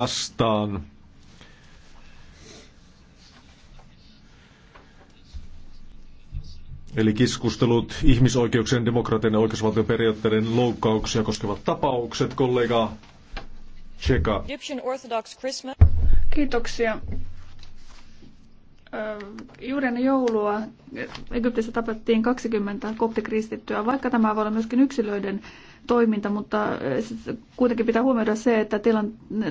vastaan. Eli keskustelut ihmisoikeuksien, demokratian ja oikeusvaltion periaatteiden loukkauksia koskevat tapaukset, kollega Cheka. Kiitoksia. Juuri ennen joulua Egyptissä tapettiin 20 koptikristittyä, vaikka tämä voi olla myöskin yksilöiden toiminta, mutta eh, kuitenkin pitää huomioida se, että tilan,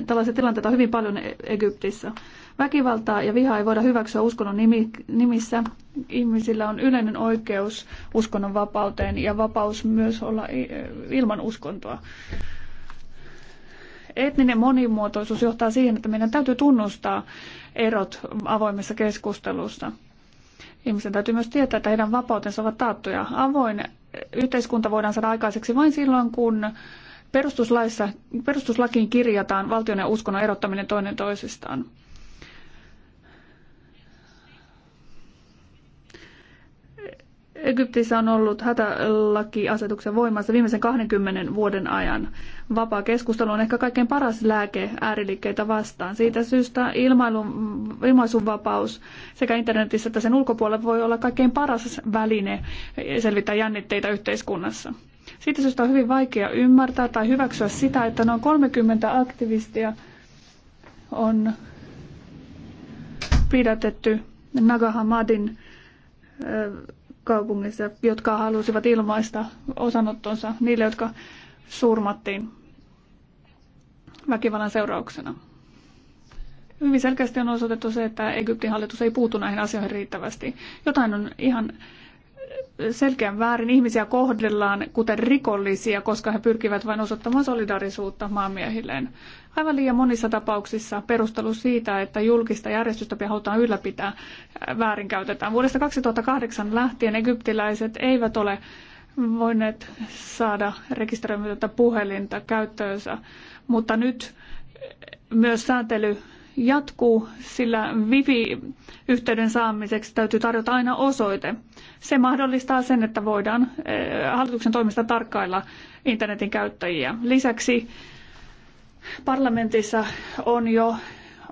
tällaisia tilanteita on hyvin paljon e-, Egyptissä. Väkivaltaa ja vihaa ei voida hyväksyä uskonnon nimi, nimissä. Ihmisillä on yleinen oikeus uskonnon vapauteen ja vapaus myös olla eh, ilman uskontoa. Etninen monimuotoisuus johtaa siihen, että meidän täytyy tunnustaa erot avoimessa keskustelussa. Ihmisen täytyy myös tietää, että heidän vapautensa ovat taattuja. Avoin yhteiskunta voidaan saada aikaiseksi vain silloin, kun perustuslaissa, perustuslakiin kirjataan valtion ja uskonnon erottaminen toinen toisistaan. Egyptissä on ollut hätälakiasetuksen voimassa viimeisen 20 vuoden ajan. Vapaa keskustelu on ehkä kaikkein paras lääke ääriliikkeitä vastaan. Siitä syystä ilmailun, ilmaisunvapaus sekä internetissä että sen ulkopuolella voi olla kaikkein paras väline selvittää jännitteitä yhteiskunnassa. Siitä syystä on hyvin vaikea ymmärtää tai hyväksyä sitä, että noin 30 aktivistia on pidätetty Nagahamadin kaupungissa, jotka halusivat ilmaista osanottonsa niille, jotka surmattiin väkivallan seurauksena. Hyvin selkeästi on osoitettu se, että Egyptin hallitus ei puutu näihin asioihin riittävästi. Jotain on ihan selkeän väärin. Ihmisiä kohdellaan kuten rikollisia, koska he pyrkivät vain osoittamaan solidaarisuutta maamiehilleen aivan liian monissa tapauksissa perustelu siitä, että julkista järjestystä halutaan ylläpitää, äh, väärinkäytetään. Vuodesta 2008 lähtien egyptiläiset eivät ole voineet saada rekisteröimätöntä puhelinta käyttöönsä, mutta nyt äh, myös sääntely jatkuu, sillä wifi-yhteyden saamiseksi täytyy tarjota aina osoite. Se mahdollistaa sen, että voidaan äh, hallituksen toimesta tarkkailla internetin käyttäjiä. Lisäksi Parlamentissa on jo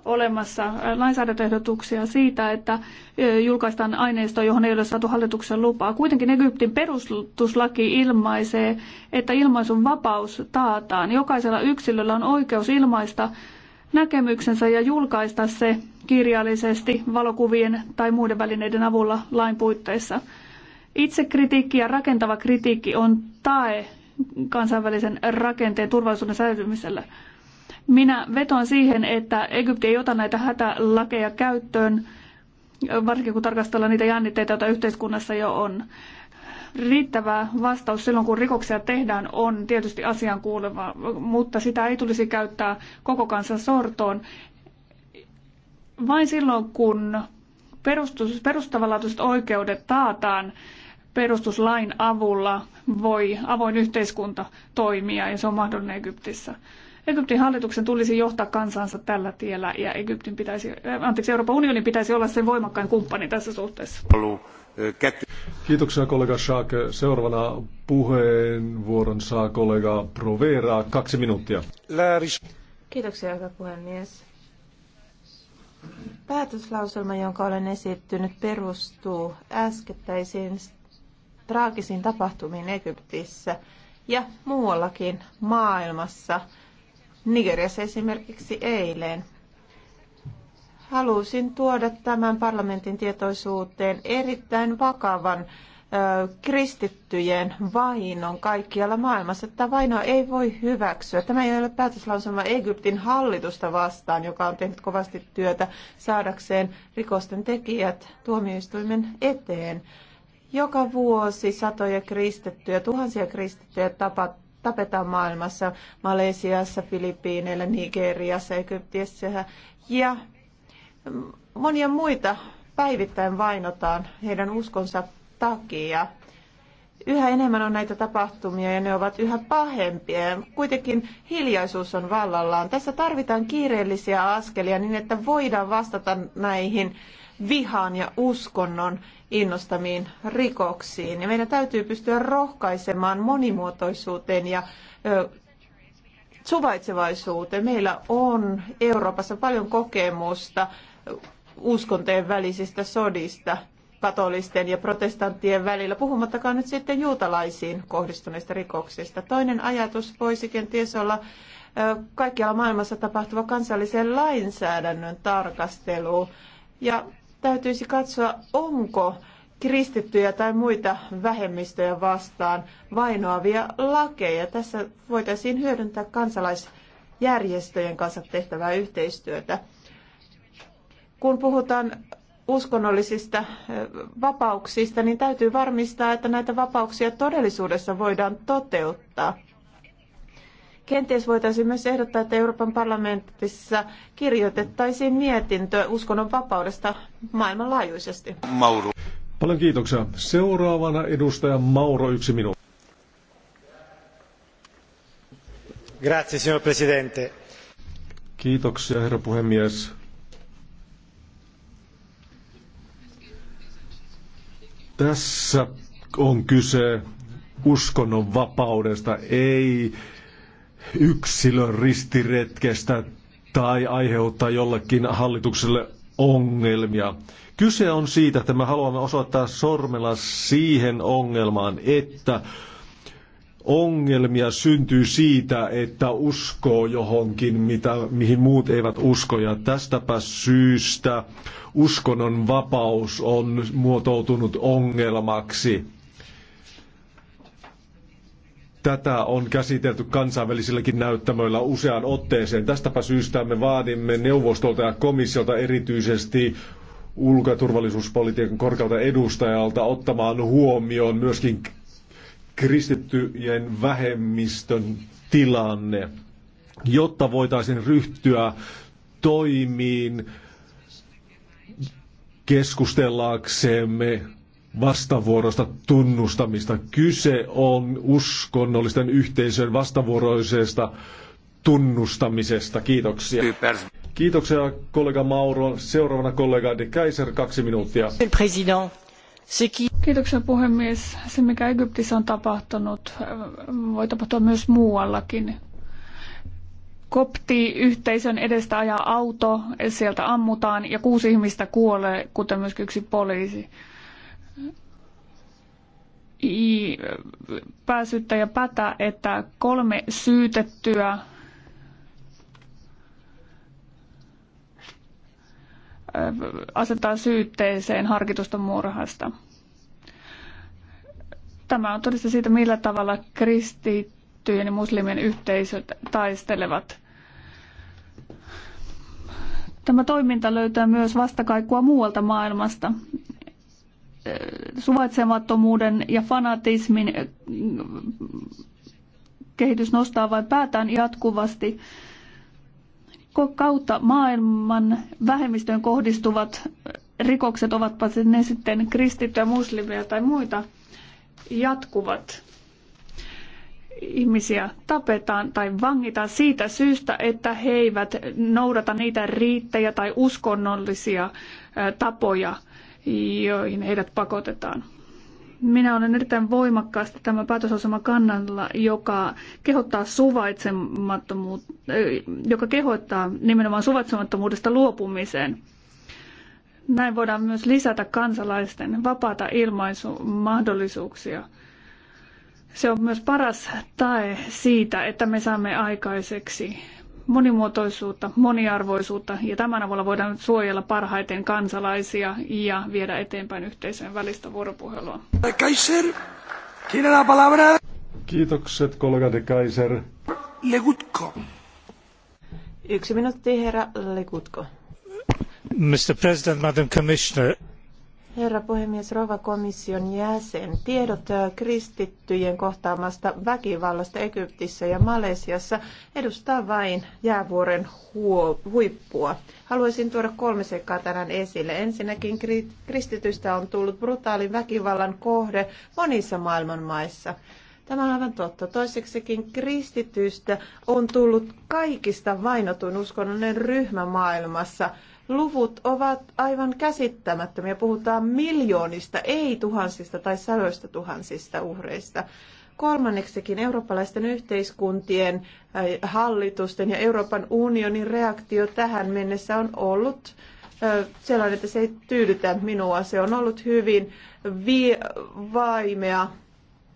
olemassa lainsäädäntöehdotuksia siitä, että julkaistaan aineisto, johon ei ole saatu hallituksen lupaa. Kuitenkin Egyptin perustuslaki ilmaisee, että ilmaisun vapaus taataan. Jokaisella yksilöllä on oikeus ilmaista näkemyksensä ja julkaista se kirjallisesti valokuvien tai muiden välineiden avulla lain puitteissa. Itsekritiikki ja rakentava kritiikki on tae kansainvälisen rakenteen turvallisuuden säilymiselle. Minä vetoan siihen, että Egypti ei ota näitä hätälakeja käyttöön, varsinkin kun tarkastellaan niitä jännitteitä, joita yhteiskunnassa jo on. Riittävä vastaus silloin, kun rikoksia tehdään, on tietysti asian kuuleva, mutta sitä ei tulisi käyttää koko kansan sortoon. Vain silloin, kun perustus, perustavanlaatuiset oikeudet taataan perustuslain avulla, voi avoin yhteiskunta toimia ja se on mahdollinen Egyptissä. Egyptin hallituksen tulisi johtaa kansansa tällä tiellä ja Egyptin pitäisi, eh, anteeksi, Euroopan unionin pitäisi olla sen voimakkain kumppani tässä suhteessa. Kiitoksia kollega Shaak. Seuraavana puheenvuoron saa kollega Provera. Kaksi minuuttia. Kiitoksia, hyvä puhemies. Päätöslauselma, jonka olen esittynyt, perustuu äskettäisiin traagisiin tapahtumiin Egyptissä ja muuallakin maailmassa – Nigeriassa esimerkiksi eilen. Halusin tuoda tämän parlamentin tietoisuuteen erittäin vakavan kristittyjen vainon kaikkialla maailmassa. Tämä vainoa ei voi hyväksyä. Tämä ei ole päätöslausuma Egyptin hallitusta vastaan, joka on tehnyt kovasti työtä saadakseen rikosten tekijät tuomioistuimen eteen. Joka vuosi satoja kristittyjä, tuhansia kristittyjä tapat, tapetaan maailmassa, Malesiassa, Filippiineillä, Nigeriassa, Egyptissä ja monia muita päivittäin vainotaan heidän uskonsa takia. Yhä enemmän on näitä tapahtumia ja ne ovat yhä pahempia. Kuitenkin hiljaisuus on vallallaan. Tässä tarvitaan kiireellisiä askelia niin, että voidaan vastata näihin vihaan ja uskonnon innostamiin rikoksiin. Ja meidän täytyy pystyä rohkaisemaan monimuotoisuuteen ja ö, suvaitsevaisuuteen. Meillä on Euroopassa paljon kokemusta uskontojen välisistä sodista katolisten ja protestanttien välillä, puhumattakaan nyt sitten juutalaisiin kohdistuneista rikoksista. Toinen ajatus voisi kenties olla kaikkialla maailmassa tapahtuva kansallisen lainsäädännön tarkastelu. Ja täytyisi katsoa, onko kristittyjä tai muita vähemmistöjä vastaan vainoavia lakeja. Tässä voitaisiin hyödyntää kansalaisjärjestöjen kanssa tehtävää yhteistyötä. Kun puhutaan uskonnollisista vapauksista, niin täytyy varmistaa, että näitä vapauksia todellisuudessa voidaan toteuttaa. Kenties voitaisiin myös ehdottaa, että Euroopan parlamentissa kirjoitettaisiin mietintö uskonnon vapaudesta maailmanlaajuisesti. Mauro. Paljon kiitoksia. Seuraavana edustaja Mauro, yksi minuutti. Grazie, signor Presidente. Kiitoksia, herra puhemies. Tässä on kyse uskonnon vapaudesta, ei yksilön ristiretkestä tai aiheuttaa jollekin hallitukselle ongelmia. Kyse on siitä, että me haluamme osoittaa sormella siihen ongelmaan, että ongelmia syntyy siitä, että uskoo johonkin, mitä, mihin muut eivät usko. Ja tästäpä syystä uskonnon vapaus on muotoutunut ongelmaksi. Tätä on käsitelty kansainvälisilläkin näyttämöillä useaan otteeseen. Tästäpä syystä me vaadimme neuvostolta ja komissiolta erityisesti ulko- ja turvallisuuspolitiikan korkealta edustajalta ottamaan huomioon myöskin kristittyjen vähemmistön tilanne, jotta voitaisiin ryhtyä toimiin keskustellaaksemme vastavuoroista tunnustamista. Kyse on uskonnollisten yhteisöjen vastavuoroisesta tunnustamisesta. Kiitoksia. Super. Kiitoksia kollega Mauro. Seuraavana kollega De Kaiser, kaksi minuuttia. Kiitoksia puhemies. Se mikä Egyptissä on tapahtunut, voi tapahtua myös muuallakin. Kopti yhteisön edestä ajaa auto, sieltä ammutaan ja kuusi ihmistä kuolee, kuten myös yksi poliisi pääsyttäjä Pätä, että kolme syytettyä äh, asettaa syytteeseen harkitusta murhasta. Tämä on todista siitä, millä tavalla kristittyjen ja muslimien yhteisöt taistelevat. Tämä toiminta löytää myös vastakaikua muualta maailmasta suvaitsemattomuuden ja fanatismin kehitys nostaa vain päätään jatkuvasti. Kautta maailman vähemmistöön kohdistuvat rikokset, ovatpa ne sitten kristittyjä, muslimeja tai muita, jatkuvat. Ihmisiä tapetaan tai vangitaan siitä syystä, että he eivät noudata niitä riittejä tai uskonnollisia tapoja – joihin heidät pakotetaan. Minä olen erittäin voimakkaasti tämä päätösaseman kannalla, joka kehottaa suvaitsemattomuutta, äh, joka kehottaa nimenomaan suvaitsemattomuudesta luopumiseen. Näin voidaan myös lisätä kansalaisten vapaata ilmaisumahdollisuuksia. Se on myös paras tae siitä, että me saamme aikaiseksi monimuotoisuutta, moniarvoisuutta ja tämän avulla voidaan suojella parhaiten kansalaisia ja viedä eteenpäin yhteisön välistä vuoropuhelua. Kaiser, la palabra. Kiitokset kollega de Kaiser. Legutko. Yksi minuutti herra Legutko. Mr. President, Madam Commissioner, Herra puhemies, Rova komission jäsen, tiedot kristittyjen kohtaamasta väkivallasta Egyptissä ja Malesiassa edustaa vain jäävuoren huippua. Haluaisin tuoda kolme sekkaa tänään esille. Ensinnäkin kristitystä on tullut brutaalin väkivallan kohde monissa maailman maissa. Tämä on aivan totta. Toiseksikin kristitystä on tullut kaikista vainotun uskonnollinen ryhmä maailmassa – Luvut ovat aivan käsittämättömiä. Puhutaan miljoonista, ei tuhansista tai sadoista tuhansista uhreista. Kolmanneksikin eurooppalaisten yhteiskuntien, äh, hallitusten ja Euroopan unionin reaktio tähän mennessä on ollut äh, sellainen, että se ei tyydytä minua. Se on ollut hyvin vaimea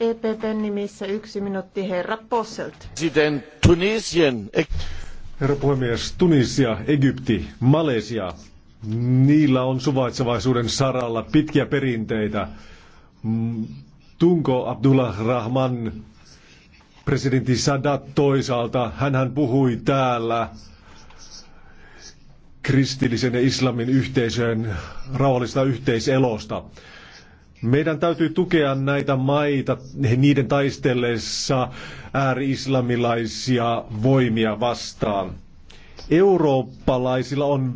EPPn nimissä yksi minuutti herra Posselt. Herra puhemies, Tunisia, Egypti, Malesia, niillä on suvaitsevaisuuden saralla pitkiä perinteitä. Mm, Tunko Abdullah Rahman, presidentti Sadat toisaalta, hän puhui täällä kristillisen ja islamin yhteisöjen rauhallisesta yhteiselosta. Meidän täytyy tukea näitä maita niiden taistellessa ääri-islamilaisia voimia vastaan. Eurooppalaisilla on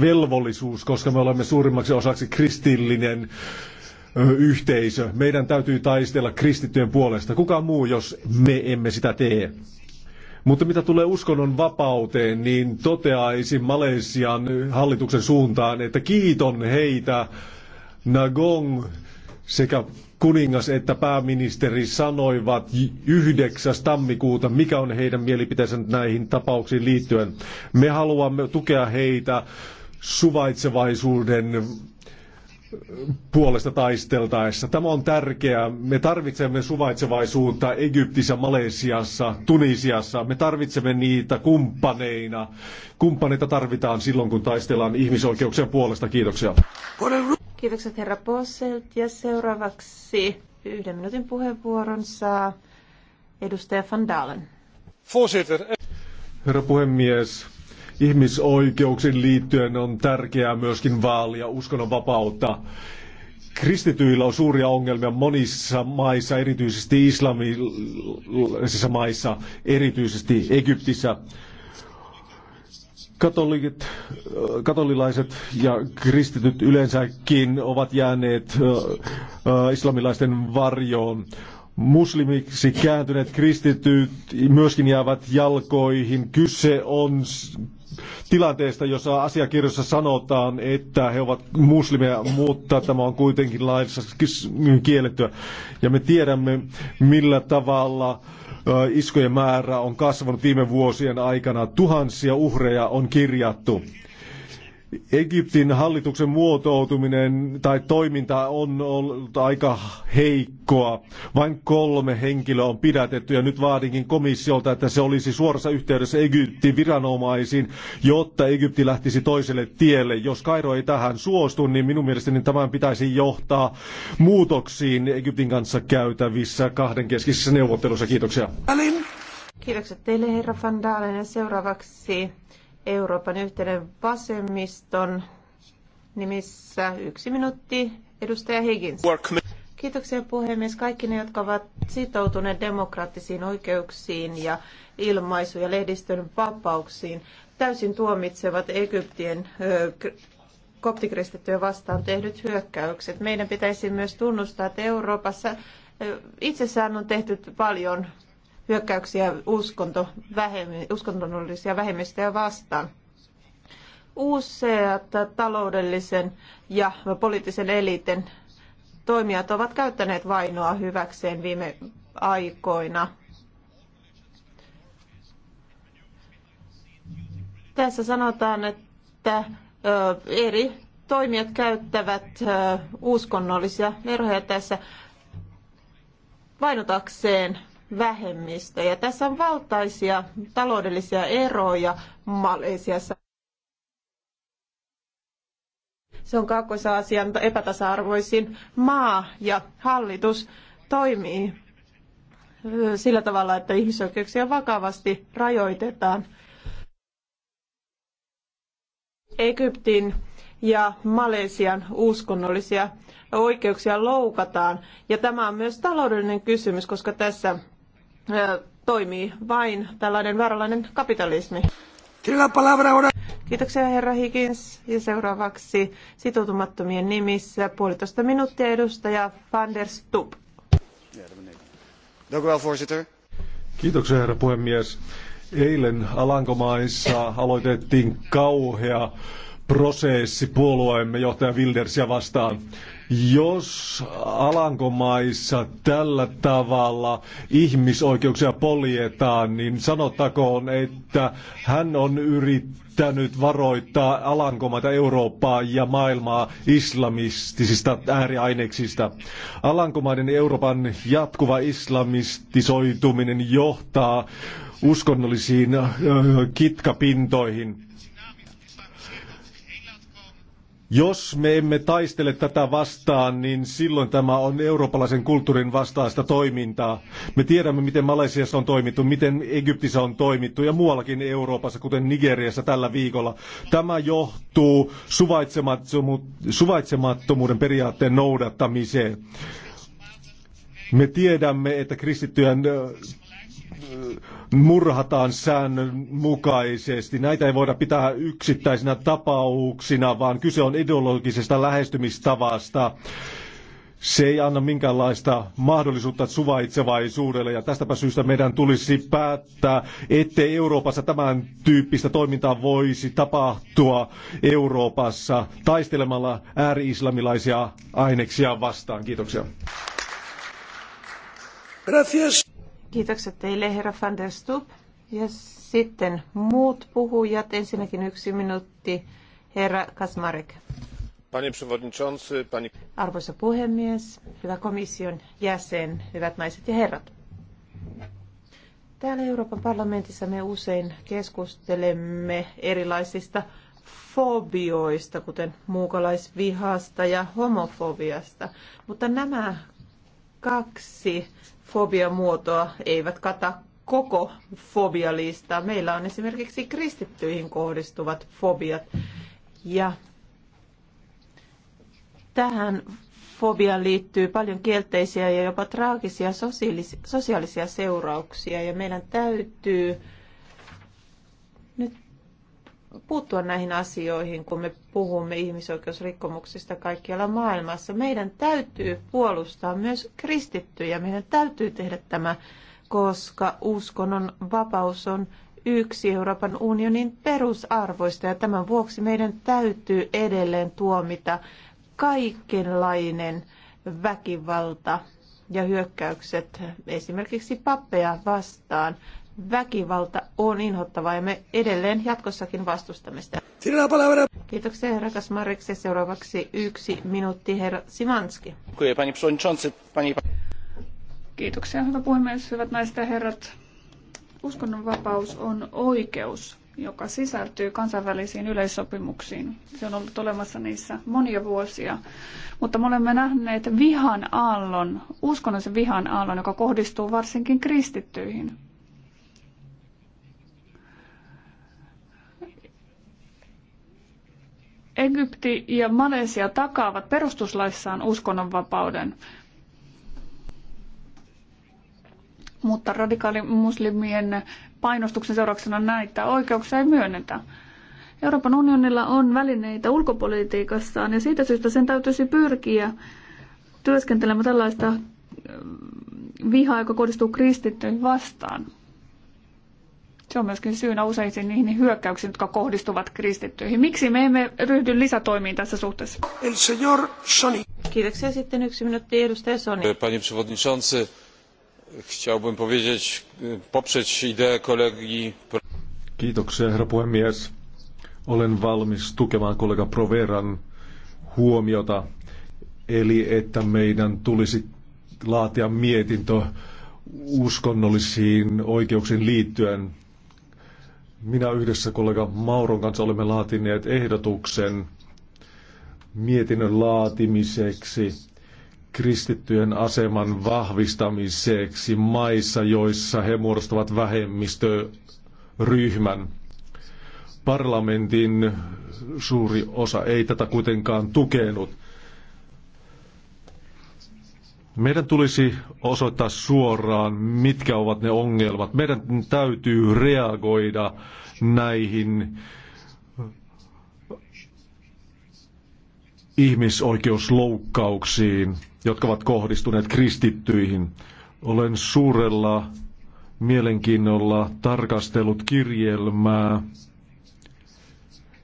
velvollisuus, koska me olemme suurimmaksi osaksi kristillinen yhteisö. Meidän täytyy taistella kristittyjen puolesta. Kuka muu, jos me emme sitä tee? Mutta mitä tulee uskonnon vapauteen, niin toteaisin Malesian hallituksen suuntaan, että kiiton heitä Nagong sekä kuningas että pääministeri sanoivat 9. tammikuuta, mikä on heidän mielipiteensä näihin tapauksiin liittyen. Me haluamme tukea heitä suvaitsevaisuuden puolesta taisteltaessa. Tämä on tärkeää. Me tarvitsemme suvaitsevaisuutta Egyptissä, Malesiassa, Tunisiassa. Me tarvitsemme niitä kumppaneina. Kumppaneita tarvitaan silloin, kun taistellaan ihmisoikeuksien puolesta. Kiitoksia. Kiitokset herra Posselt. Ja seuraavaksi yhden minuutin puheenvuoron saa edustaja Van Dalen. Eh- herra puhemies, ihmisoikeuksiin liittyen on tärkeää myöskin vaalia uskonnonvapautta. Kristityillä on suuria ongelmia monissa maissa, erityisesti islamilaisissa maissa, erityisesti Egyptissä. Katolikit, katolilaiset ja kristityt yleensäkin ovat jääneet islamilaisten varjoon. Muslimiksi kääntyneet kristityt myöskin jäävät jalkoihin. Kyse on tilanteesta, jossa asiakirjassa sanotaan, että he ovat muslimeja, mutta tämä on kuitenkin laissa kiellettyä. Ja me tiedämme, millä tavalla äh, Iskujen määrä on kasvanut viime vuosien aikana. Tuhansia uhreja on kirjattu. Egyptin hallituksen muotoutuminen tai toiminta on ollut aika heikkoa. Vain kolme henkilöä on pidätetty ja nyt vaadinkin komissiolta, että se olisi suorassa yhteydessä Egyptin viranomaisiin, jotta Egypti lähtisi toiselle tielle. Jos Kairo ei tähän suostu, niin minun mielestäni tämän pitäisi johtaa muutoksiin Egyptin kanssa käytävissä kahdenkeskisissä neuvotteluissa. Kiitoksia. Kiitokset teille, herra Van Dalen. Seuraavaksi Euroopan yhteyden vasemmiston nimissä yksi minuutti. Edustaja Higgins. Kiitoksia puhemies. Kaikki ne, jotka ovat sitoutuneet demokraattisiin oikeuksiin ja ilmaisu- ja lehdistön vapauksiin, täysin tuomitsevat Egyptien koptikristittyjä vastaan tehdyt hyökkäykset. Meidän pitäisi myös tunnustaa, että Euroopassa itsessään on tehty paljon hyökkäyksiä uskonto, vähemmistö, uskonnollisia vähemmistöjä vastaan. Useat taloudellisen ja poliittisen eliitin toimijat ovat käyttäneet vainoa hyväkseen viime aikoina. Tässä sanotaan, että eri toimijat käyttävät uskonnollisia verhoja tässä vainotakseen vähemmistö. Ja tässä on valtaisia taloudellisia eroja Malesiassa. Se on kaakkois epätasa-arvoisin maa ja hallitus toimii sillä tavalla, että ihmisoikeuksia vakavasti rajoitetaan. Egyptin ja Malesian uskonnollisia oikeuksia loukataan. Ja tämä on myös taloudellinen kysymys, koska tässä toimii vain tällainen vääränlainen kapitalismi. Kiitoksia herra Higgins. Ja seuraavaksi sitoutumattomien nimissä puolitoista minuuttia edustaja Van der Stub. Kiitoksia herra puhemies. Eilen Alankomaissa aloitettiin kauhea prosessi puolueemme johtaja Wildersia vastaan. Jos Alankomaissa tällä tavalla ihmisoikeuksia poljetaan, niin sanottakoon, että hän on yrittänyt varoittaa Alankomaita, Eurooppaa ja maailmaa islamistisista ääriaineksista. Alankomaiden Euroopan jatkuva islamistisoituminen johtaa uskonnollisiin kitkapintoihin. Jos me emme taistele tätä vastaan, niin silloin tämä on eurooppalaisen kulttuurin vastaista toimintaa. Me tiedämme, miten Malesiassa on toimittu, miten Egyptissä on toimittu ja muuallakin Euroopassa, kuten Nigeriassa tällä viikolla. Tämä johtuu suvaitsemattomuuden periaatteen noudattamiseen. Me tiedämme, että kristittyjen murhataan säännönmukaisesti. Näitä ei voida pitää yksittäisinä tapauksina, vaan kyse on ideologisesta lähestymistavasta. Se ei anna minkäänlaista mahdollisuutta suvaitsevaisuudelle ja tästäpä syystä meidän tulisi päättää, ettei Euroopassa tämän tyyppistä toimintaa voisi tapahtua Euroopassa taistelemalla ääri-islamilaisia aineksia vastaan. Kiitoksia. Gracias. Kiitokset teille, herra van der Stub. Ja sitten muut puhujat. Ensinnäkin yksi minuutti, herra Kasmarek. Panie przewodniczący, pani... Arvoisa puhemies, hyvä komission jäsen, hyvät naiset ja herrat. Täällä Euroopan parlamentissa me usein keskustelemme erilaisista fobioista, kuten muukalaisvihasta ja homofobiasta. Mutta nämä kaksi fobiamuotoa eivät kata koko fobialistaa. Meillä on esimerkiksi kristittyihin kohdistuvat fobiat. Ja tähän fobiaan liittyy paljon kielteisiä ja jopa traagisia sosiaalisia seurauksia. Ja meidän täytyy puuttua näihin asioihin, kun me puhumme ihmisoikeusrikkomuksista kaikkialla maailmassa. Meidän täytyy puolustaa myös kristittyjä. Meidän täytyy tehdä tämä, koska uskonnon vapaus on yksi Euroopan unionin perusarvoista ja tämän vuoksi meidän täytyy edelleen tuomita kaikenlainen väkivalta ja hyökkäykset esimerkiksi pappeja vastaan väkivalta on inhottavaa ja me edelleen jatkossakin vastustamme sitä. Kiitoksia herra Kasmarek. Seuraavaksi yksi minuutti herra Simanski. Kiitoksia hyvä puhemies, hyvät naiset ja herrat. Uskonnonvapaus on oikeus, joka sisältyy kansainvälisiin yleissopimuksiin. Se on ollut olemassa niissä monia vuosia. Mutta me olemme nähneet vihan aallon, uskonnollisen vihan aallon, joka kohdistuu varsinkin kristittyihin Egypti ja Malesia takaavat perustuslaissaan uskonnonvapauden. Mutta radikaalimuslimien painostuksen seurauksena näitä oikeuksia ei myönnetä. Euroopan unionilla on välineitä ulkopolitiikassaan ja siitä syystä sen täytyisi pyrkiä työskentelemään tällaista mm, vihaa, joka kohdistuu kristittyihin vastaan – se on myöskin syynä useisiin niihin hyökkäyksiin, jotka kohdistuvat kristittyihin. Miksi me emme ryhdy lisätoimiin tässä suhteessa? El señor Sony. Kiitoksia sitten yksi minuutti edustaja Sony. E, Pani przewodniczący, chciałbym powiedzieć, e, poprzeć ideę kolegi... Kiitoksia herra puhemies. Olen valmis tukemaan kollega Proveran huomiota, eli että meidän tulisi laatia mietintö uskonnollisiin oikeuksiin liittyen minä yhdessä kollega Mauron kanssa olemme laatineet ehdotuksen mietinnön laatimiseksi kristittyjen aseman vahvistamiseksi maissa, joissa he muodostavat vähemmistöryhmän. Parlamentin suuri osa ei tätä kuitenkaan tukenut. Meidän tulisi osoittaa suoraan, mitkä ovat ne ongelmat. Meidän täytyy reagoida näihin ihmisoikeusloukkauksiin, jotka ovat kohdistuneet kristittyihin. Olen suurella mielenkiinnolla tarkastellut kirjelmää,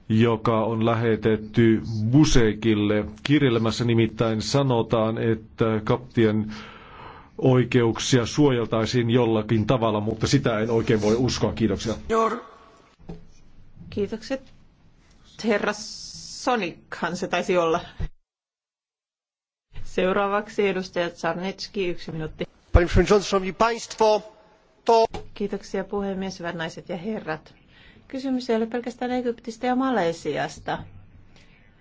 joka on lähetetty Busekille. Kirjelmässä nimittäin sanotaan, että kaptien oikeuksia suojeltaisiin jollakin tavalla, mutta sitä en oikein voi uskoa. Kiitoksia. Kiitokset. Herra Sonichan se taisi olla. Seuraavaksi edustaja Czarnecki, yksi minuutti. Panie przewodniczący, szanowni państwo, to... Kiitoksia puhemies, hyvät naiset ja herrat. Kysymys ei ole pelkästään Egyptistä ja Malesiasta,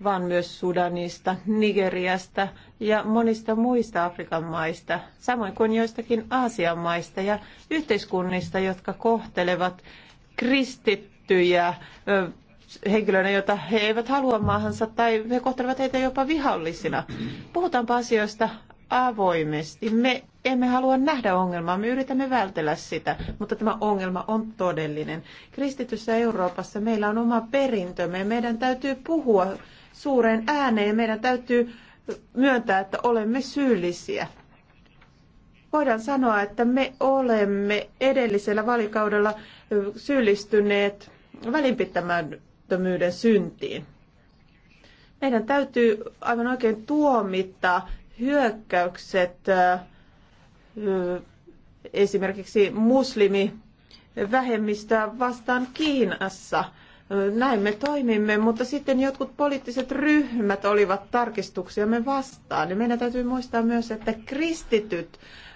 vaan myös Sudanista, Nigeriasta ja monista muista Afrikan maista, samoin kuin joistakin Aasian maista ja yhteiskunnista, jotka kohtelevat kristittyjä henkilöinä, joita he eivät halua maahansa tai he kohtelevat heitä jopa vihollisina. Puhutaanpa asioista avoimesti. Me emme halua nähdä ongelmaa, me yritämme vältellä sitä, mutta tämä ongelma on todellinen. Kristityssä Euroopassa meillä on oma perintömme ja meidän täytyy puhua suureen ääneen ja meidän täytyy myöntää, että olemme syyllisiä. Voidaan sanoa, että me olemme edellisellä valikaudella syyllistyneet välinpittämättömyyden syntiin meidän täytyy aivan oikein tuomittaa hyökkäykset esimerkiksi muslimivähemmistöä vastaan Kiinassa. Näin me toimimme, mutta sitten jotkut poliittiset ryhmät olivat tarkistuksiamme vastaan. Ja meidän täytyy muistaa myös, että kristityt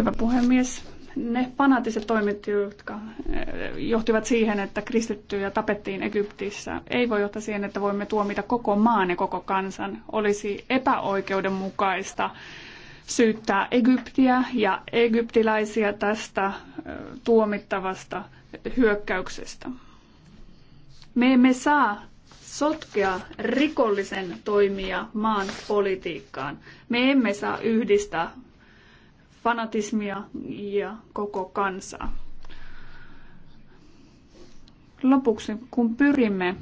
Hyvä puhemies. Ne fanaattiset toimet, jotka eh, johtivat siihen, että kristittyjä tapettiin Egyptissä, ei voi johtaa siihen, että voimme tuomita koko maan ja koko kansan. Olisi epäoikeudenmukaista syyttää Egyptiä ja egyptiläisiä tästä eh, tuomittavasta hyökkäyksestä. Me emme saa sotkea rikollisen toimia maan politiikkaan. Me emme saa yhdistää fanatismia ja koko kansaa. Lopuksi, kun pyrimme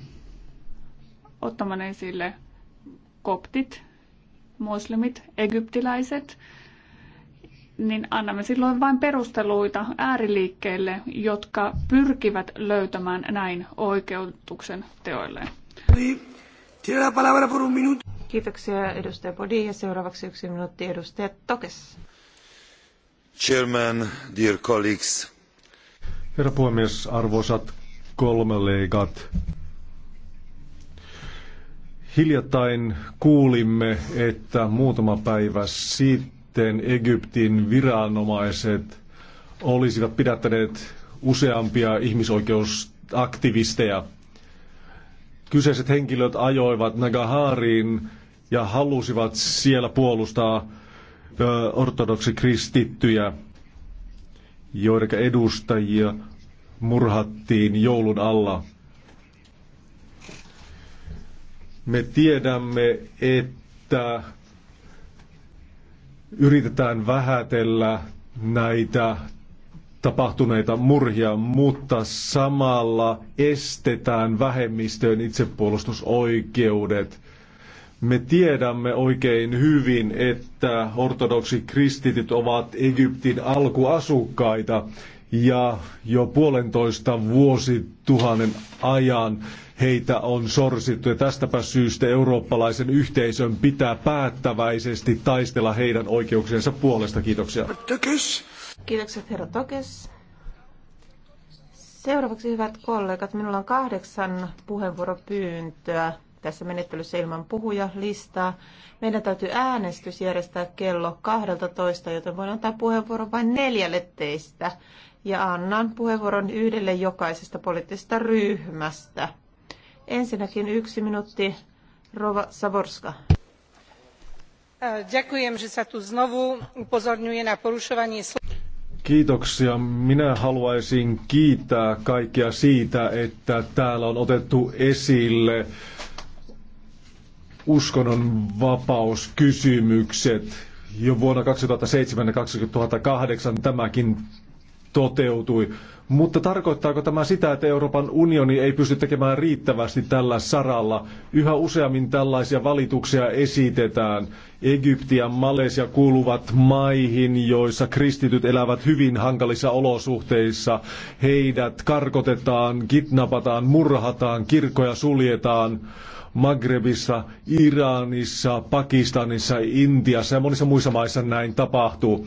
ottamaan esille koptit, muslimit, egyptiläiset, niin annamme silloin vain perusteluita ääriliikkeille, jotka pyrkivät löytämään näin oikeutuksen teoilleen. Kiitoksia edustaja Podi ja seuraavaksi yksi minuutti edustaja Tokes. Herra puhemies, arvoisat kollegat. Hiljattain kuulimme, että muutama päivä sitten Egyptin viranomaiset olisivat pidättäneet useampia ihmisoikeusaktivisteja. Kyseiset henkilöt ajoivat Nagahariin ja halusivat siellä puolustaa ortodoksikristittyjä, kristittyjä, joiden edustajia murhattiin joulun alla. Me tiedämme, että yritetään vähätellä näitä tapahtuneita murhia, mutta samalla estetään vähemmistöön itsepuolustusoikeudet – me tiedämme oikein hyvin, että ortodoksi kristityt ovat Egyptin alkuasukkaita ja jo puolentoista vuosituhannen ajan heitä on sorsittu. Ja tästäpä syystä eurooppalaisen yhteisön pitää päättäväisesti taistella heidän oikeuksiensa puolesta. Kiitoksia. Tökes. Kiitokset herra Tokes. Seuraavaksi hyvät kollegat, minulla on kahdeksan puheenvuoropyyntöä tässä menettelyssä ilman puhujalistaa. Meidän täytyy äänestys järjestää kello 12, joten voin antaa puheenvuoron vain neljälle teistä. Ja annan puheenvuoron yhdelle jokaisesta poliittisesta ryhmästä. Ensinnäkin yksi minuutti, Rova Saborska. že na Kiitoksia. Minä haluaisin kiittää kaikkia siitä, että täällä on otettu esille uskonnon vapauskysymykset. Jo vuonna 2007 ja 2008 tämäkin toteutui. Mutta tarkoittaako tämä sitä, että Euroopan unioni ei pysty tekemään riittävästi tällä saralla? Yhä useammin tällaisia valituksia esitetään. Egypti ja Malesia kuuluvat maihin, joissa kristityt elävät hyvin hankalissa olosuhteissa. Heidät karkotetaan, kidnapataan, murhataan, kirkkoja suljetaan. Magrebissa, Iranissa, Pakistanissa, Intiassa ja monissa muissa maissa näin tapahtuu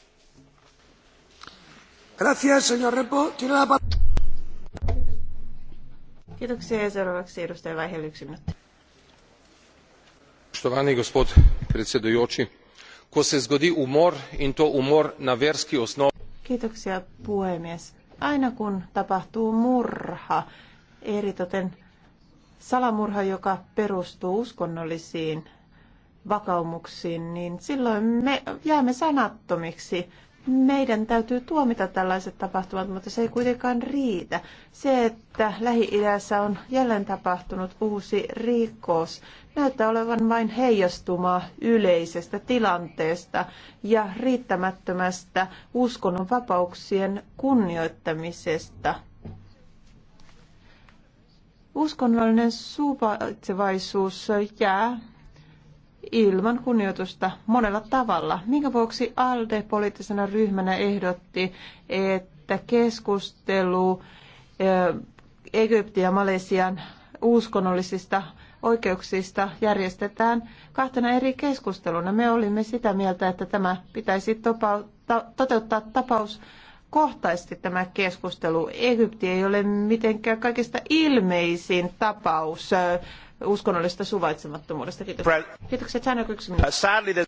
Kiitoksia ja seuraavaksi edustaja Väihel yksi minuutti. Spoštovani gospod predsedujoči, ko se zgodi umor in to umor na verski osnovi. Kiitoksia puhemies. Aina kun tapahtuu murha, eritoten salamurha, joka perustuu uskonnollisiin vakaumuksiin, niin silloin me jäämme sanattomiksi meidän täytyy tuomita tällaiset tapahtumat, mutta se ei kuitenkaan riitä. Se, että Lähi-idässä on jälleen tapahtunut uusi rikos, näyttää olevan vain heijastumaa yleisestä tilanteesta ja riittämättömästä uskonnonvapauksien kunnioittamisesta. Uskonnollinen suvaitsevaisuus jää ilman kunnioitusta monella tavalla, minkä vuoksi ALDE poliittisena ryhmänä ehdotti, että keskustelu Egyptin ja Malesian uskonnollisista oikeuksista järjestetään kahtena eri keskusteluna. Me olimme sitä mieltä, että tämä pitäisi toteuttaa tapaus kohtaisesti tämä keskustelu. Egypti ei ole mitenkään kaikista ilmeisin tapaus uskonnollisesta suvaitsemattomuudesta. Kiitoksia. yksi uh,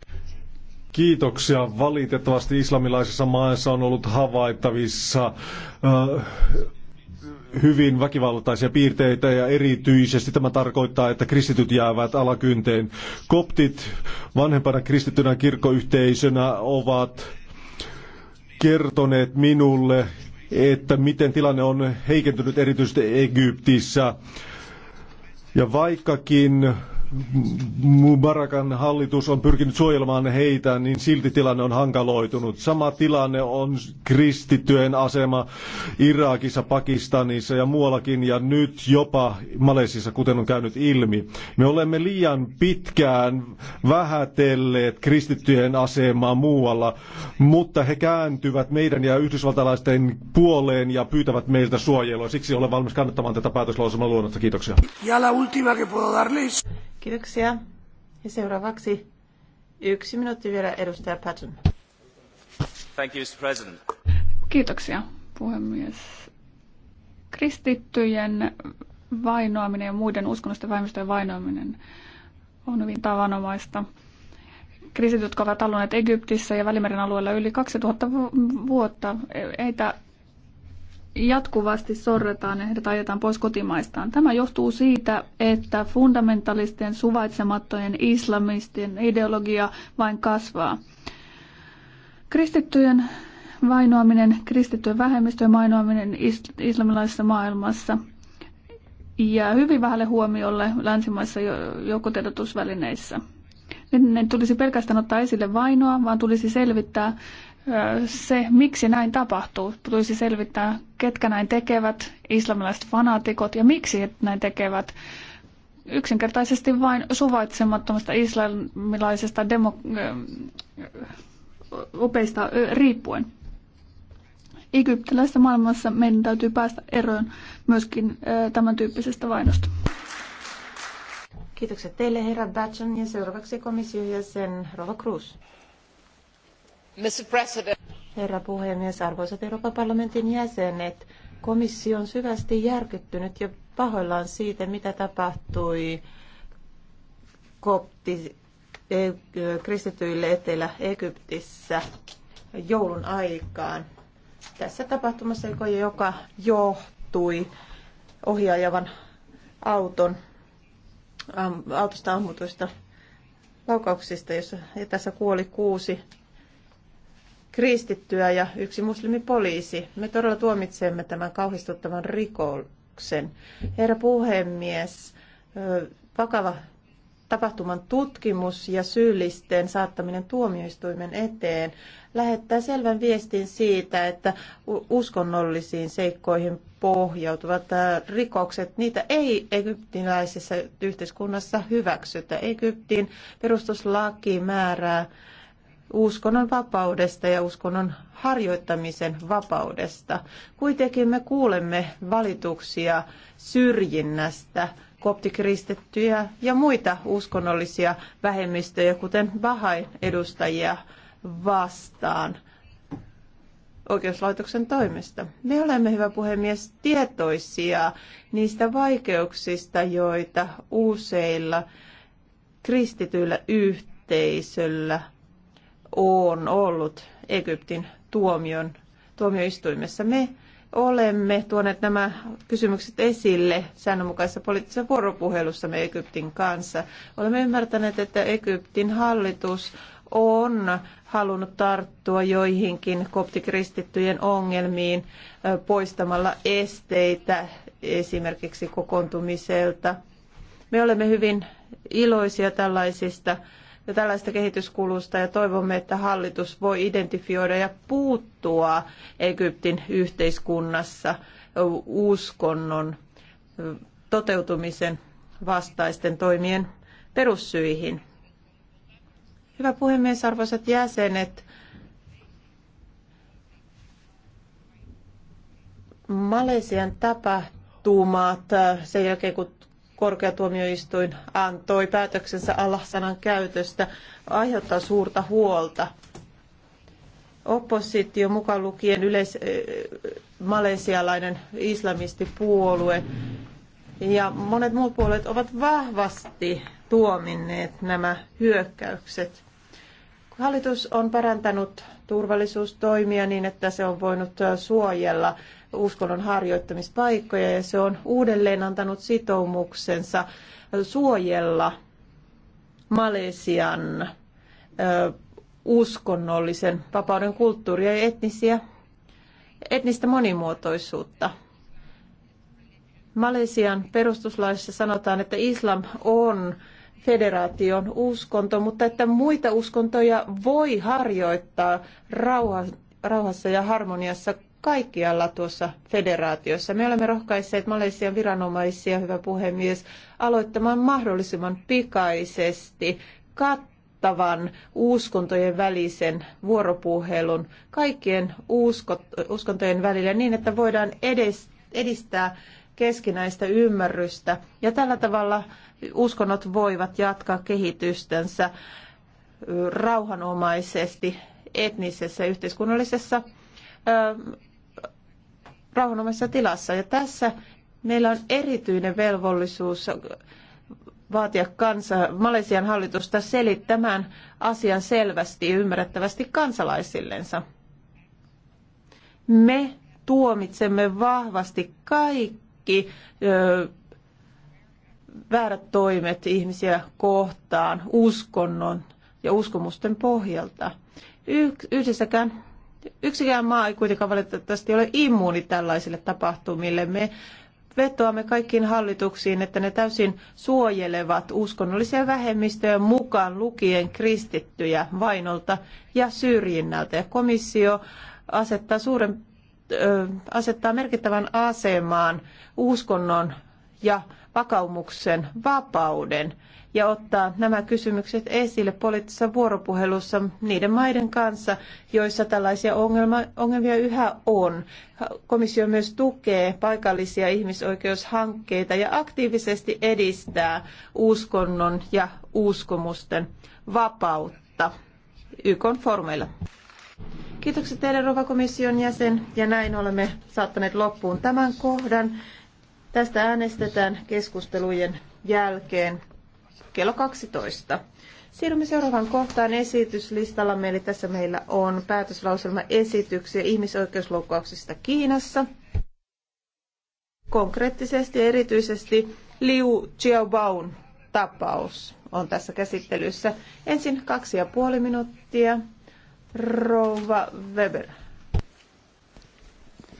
Kiitoksia. Valitettavasti islamilaisessa maassa on ollut havaittavissa uh, hyvin väkivaltaisia piirteitä ja erityisesti tämä tarkoittaa, että kristityt jäävät alakynteen. Koptit vanhempana kristittynä kirkkoyhteisönä ovat kertoneet minulle, että miten tilanne on heikentynyt erityisesti Egyptissä. Ja vaikkakin Mubarakan hallitus on pyrkinyt suojelemaan heitä, niin silti tilanne on hankaloitunut. Sama tilanne on kristittyjen asema Irakissa, Pakistanissa ja muuallakin ja nyt jopa Malesissa, kuten on käynyt ilmi. Me olemme liian pitkään vähätelleet kristittyjen asemaa muualla, mutta he kääntyvät meidän ja yhdysvaltalaisten puoleen ja pyytävät meiltä suojelua. Siksi olen valmis kannattamaan tätä päätöslausuman luonnosta. Kiitoksia. Ja la última que puedo darles. Kiitoksia. Ja seuraavaksi yksi minuutti vielä edustaja Patton. Thank you, Mr. President. Kiitoksia, puhemies. Kristittyjen vainoaminen ja muiden uskonnollisten vähemmistöjen vainoaminen on hyvin tavanomaista. Kristityt jotka ovat alueet Egyptissä ja Välimeren alueella yli 2000 vuotta, e- eitä jatkuvasti sorretaan ja heidät ajetaan pois kotimaistaan. Tämä johtuu siitä, että fundamentalisten suvaitsemattojen islamistien ideologia vain kasvaa. Kristittyjen vainoaminen, kristittyjen vähemmistöjen vainoaminen islamilaisessa maailmassa ja hyvin vähälle huomiolle länsimaissa joukkotiedotusvälineissä. Ne tulisi pelkästään ottaa esille vainoa, vaan tulisi selvittää, se, miksi näin tapahtuu, tulisi selvittää, ketkä näin tekevät, islamilaiset fanaatikot ja miksi he näin tekevät. Yksinkertaisesti vain suvaitsemattomasta islamilaisesta demo, opeista riippuen. Egyptiläisessä maailmassa meidän täytyy päästä eroon myöskin tämän tyyppisestä vainosta. Kiitokset teille, herra Batson, ja seuraavaksi komission jäsen Rova Cruz. Herra puhemies, arvoisat Euroopan parlamentin jäsenet, komissio on syvästi järkyttynyt ja pahoillaan siitä, mitä tapahtui kopti, e, kristityille Etelä-Egyptissä joulun aikaan. Tässä tapahtumassa, joka johtui ohjaajavan auton, autosta ammutuista laukauksista, jossa, ja tässä kuoli kuusi kristittyä ja yksi muslimipoliisi. Me todella tuomitsemme tämän kauhistuttavan rikoksen. Herra puhemies, vakava tapahtuman tutkimus ja syyllisten saattaminen tuomioistuimen eteen lähettää selvän viestin siitä, että uskonnollisiin seikkoihin pohjautuvat rikokset, niitä ei egyptiläisessä yhteiskunnassa hyväksytä. Egyptin perustuslaki määrää uskonnon vapaudesta ja uskonnon harjoittamisen vapaudesta. Kuitenkin me kuulemme valituksia syrjinnästä koptikristettyjä ja muita uskonnollisia vähemmistöjä, kuten Bahain edustajia vastaan oikeuslaitoksen toimesta. Me olemme, hyvä puhemies, tietoisia niistä vaikeuksista, joita useilla kristityillä yhteisöllä – on ollut Egyptin tuomion, tuomioistuimessa. Me olemme tuoneet nämä kysymykset esille säännönmukaisessa poliittisessa vuoropuhelussa me Egyptin kanssa. Olemme ymmärtäneet, että Egyptin hallitus on halunnut tarttua joihinkin koptikristittyjen ongelmiin poistamalla esteitä esimerkiksi kokoontumiselta. Me olemme hyvin iloisia tällaisista tällaista kehityskulusta ja toivomme, että hallitus voi identifioida ja puuttua Egyptin yhteiskunnassa uskonnon toteutumisen vastaisten toimien perussyihin. Hyvä puhemies, arvoisat jäsenet. Malesian tapahtumat sen jälkeen, kun korkeatuomioistuin antoi päätöksensä Allah-sanan käytöstä, aiheuttaa suurta huolta. Oppositio mukaan lukien yleis- malesialainen islamistipuolue ja monet muut puolueet ovat vahvasti tuominneet nämä hyökkäykset. Hallitus on parantanut turvallisuustoimia niin, että se on voinut suojella uskonnon harjoittamispaikkoja ja se on uudelleen antanut sitoumuksensa suojella Malesian uskonnollisen vapauden kulttuuria ja etnisiä, etnistä monimuotoisuutta. Malesian perustuslaissa sanotaan, että islam on federaation uskonto, mutta että muita uskontoja voi harjoittaa rauha, rauhassa ja harmoniassa kaikkialla tuossa federaatiossa. Me olemme rohkaisseet Malesian viranomaisia, hyvä puhemies, aloittamaan mahdollisimman pikaisesti kattavan uskontojen välisen vuoropuhelun kaikkien uskot, uskontojen välillä niin, että voidaan edes, edistää keskinäistä ymmärrystä ja tällä tavalla uskonnot voivat jatkaa kehitystänsä rauhanomaisesti etnisessä yhteiskunnallisessa rauhanomaisessa tilassa. Ja tässä meillä on erityinen velvollisuus vaatia kansa, Malesian hallitusta selittämään asian selvästi ja ymmärrettävästi kansalaisillensa. Me tuomitsemme vahvasti kaikki ö, väärät toimet ihmisiä kohtaan uskonnon ja uskomusten pohjalta. Yhdessäkään Yksikään maa ei kuitenkaan valitettavasti ole immuuni tällaisille tapahtumille. Me vetoamme kaikkiin hallituksiin, että ne täysin suojelevat uskonnollisia vähemmistöjä mukaan lukien kristittyjä vainolta ja syrjinnältä. Ja komissio asettaa, suuren, asettaa merkittävän asemaan uskonnon ja vakaumuksen vapauden ja ottaa nämä kysymykset esille poliittisessa vuoropuhelussa niiden maiden kanssa, joissa tällaisia ongelmia yhä on. Komissio myös tukee paikallisia ihmisoikeushankkeita ja aktiivisesti edistää uskonnon ja uskomusten vapautta YK foorumeilla. Kiitokset teille, Rova komission jäsen, ja näin olemme saattaneet loppuun tämän kohdan. Tästä äänestetään keskustelujen jälkeen kello 12. Siirrymme seuraavaan kohtaan esityslistalla. eli tässä meillä on päätöslauselma esityksiä ihmisoikeusloukkauksista Kiinassa. Konkreettisesti ja erityisesti Liu Xiaobaun tapaus on tässä käsittelyssä. Ensin kaksi ja puoli minuuttia. Rouva Weber.